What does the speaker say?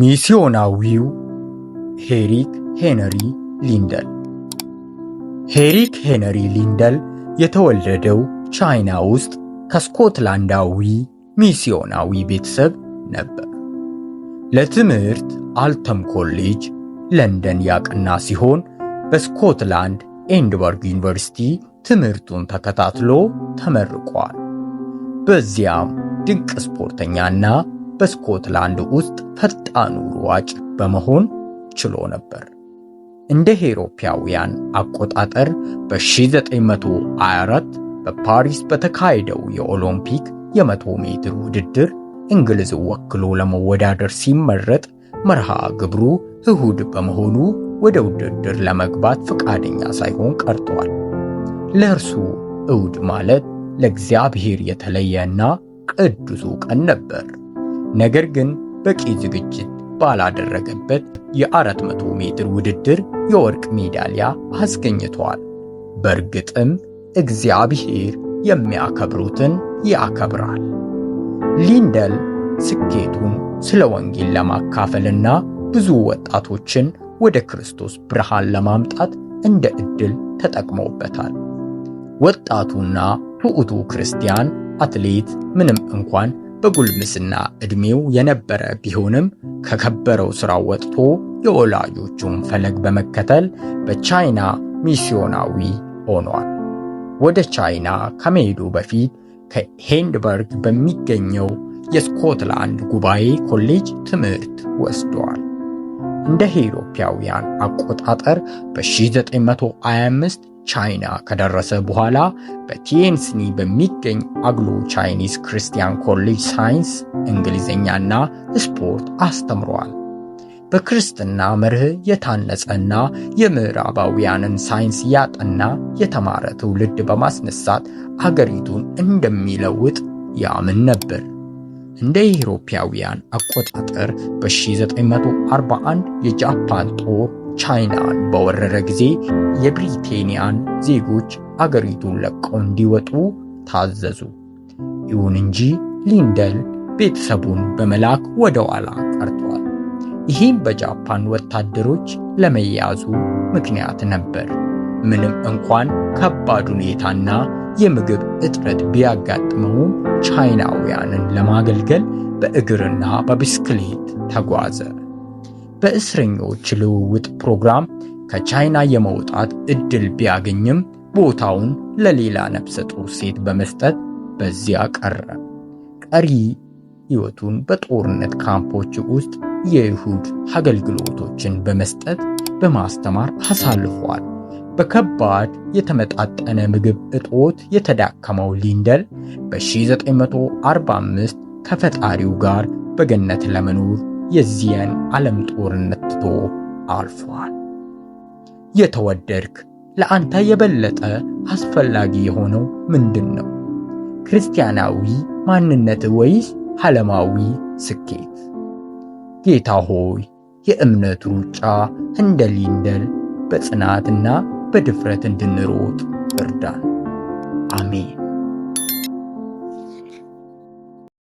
ሚስዮናዊው ሄሪክ ሄነሪ ሊንደል ሄሪክ ሄነሪ ሊንደል የተወለደው ቻይና ውስጥ ከስኮትላንዳዊ ሚስዮናዊ ቤተሰብ ነበር። ለትምህርት አልተም ኮሌጅ ለንደን ያቀና ሲሆን በስኮትላንድ ኤንድበርግ ዩኒቨርሲቲ ትምህርቱን ተከታትሎ ተመርቋል። በዚያም ድንቅ ስፖርተኛና በስኮትላንድ ውስጥ ፈጣኑ ሯጭ በመሆን ችሎ ነበር። እንደ አውሮፓውያን አቆጣጠር በ1924 በፓሪስ በተካሄደው የኦሎምፒክ የመቶ ሜትር ውድድር እንግሊዝ ወክሎ ለመወዳደር ሲመረጥ መርሃ ግብሩ እሁድ በመሆኑ ወደ ውድድር ለመግባት ፈቃደኛ ሳይሆን ቀርቷል። ለእርሱ እሁድ ማለት ለእግዚአብሔር የተለየና ቅዱሱ ቀን ነበር። ነገር ግን በቂ ዝግጅት ባላደረገበት የ400 ሜትር ውድድር የወርቅ ሜዳሊያ አስገኝቷል። በእርግጥም እግዚአብሔር የሚያከብሩትን ያከብራል። ሊንደል ስኬቱን ስለ ወንጌል ለማካፈልና ብዙ ወጣቶችን ወደ ክርስቶስ ብርሃን ለማምጣት እንደ ዕድል ተጠቅመውበታል። ወጣቱና ትሑቱ ክርስቲያን አትሌት ምንም እንኳን በጉልምስና ዕድሜው የነበረ ቢሆንም ከከበረው ስራ ወጥቶ የወላጆቹን ፈለግ በመከተል በቻይና ሚስዮናዊ ሆኗል። ወደ ቻይና ከመሄዱ በፊት ከሄንድበርግ በሚገኘው የስኮትላንድ ጉባኤ ኮሌጅ ትምህርት ወስደዋል። እንደ ኢሮፓውያን አቆጣጠር በ1925 ቻይና ከደረሰ በኋላ በቲንስኒ በሚገኝ አግሎ ቻይኒዝ ክርስቲያን ኮሌጅ ሳይንስ፣ እንግሊዝኛና ስፖርት አስተምሯል። በክርስትና መርህ የታነጸና የምዕራባውያንን ሳይንስ ያጠና የተማረ ትውልድ በማስነሳት አገሪቱን እንደሚለውጥ ያምን ነበር። እንደ ኢሮፓውያን አቆጣጠር በ1941 የጃፓን ጦር ቻይናን በወረረ ጊዜ የብሪቴንያን ዜጎች አገሪቱን ለቀው እንዲወጡ ታዘዙ። ይሁን እንጂ ሊንደል ቤተሰቡን በመላክ ወደ ኋላ ቀርቷል። ይህም በጃፓን ወታደሮች ለመያዙ ምክንያት ነበር። ምንም እንኳን ከባድ ሁኔታና የምግብ እጥረት ቢያጋጥመውም ቻይናውያንን ለማገልገል በእግርና በብስክሌት ተጓዘ። በእስረኞች ልውውጥ ፕሮግራም ከቻይና የመውጣት እድል ቢያገኝም ቦታውን ለሌላ ነፍሰ ጡር ሴት በመስጠት በዚያ ቀረ። ቀሪ ሕይወቱን በጦርነት ካምፖች ውስጥ የይሁድ አገልግሎቶችን በመስጠት በማስተማር አሳልፏል። በከባድ የተመጣጠነ ምግብ እጦት የተዳከመው ሊንደል በ1945 ከፈጣሪው ጋር በገነት ለመኖር የዚያን ዓለም ጦርነት ትቶ አልፏል። የተወደድክ ለአንተ የበለጠ አስፈላጊ የሆነው ምንድን ነው? ክርስቲያናዊ ማንነት ወይስ ዓለማዊ ስኬት? ጌታ ሆይ የእምነት ሩጫ እንደ ሊንደል በጽናትና በድፍረት እንድንሮጥ እርዳን። አሜን።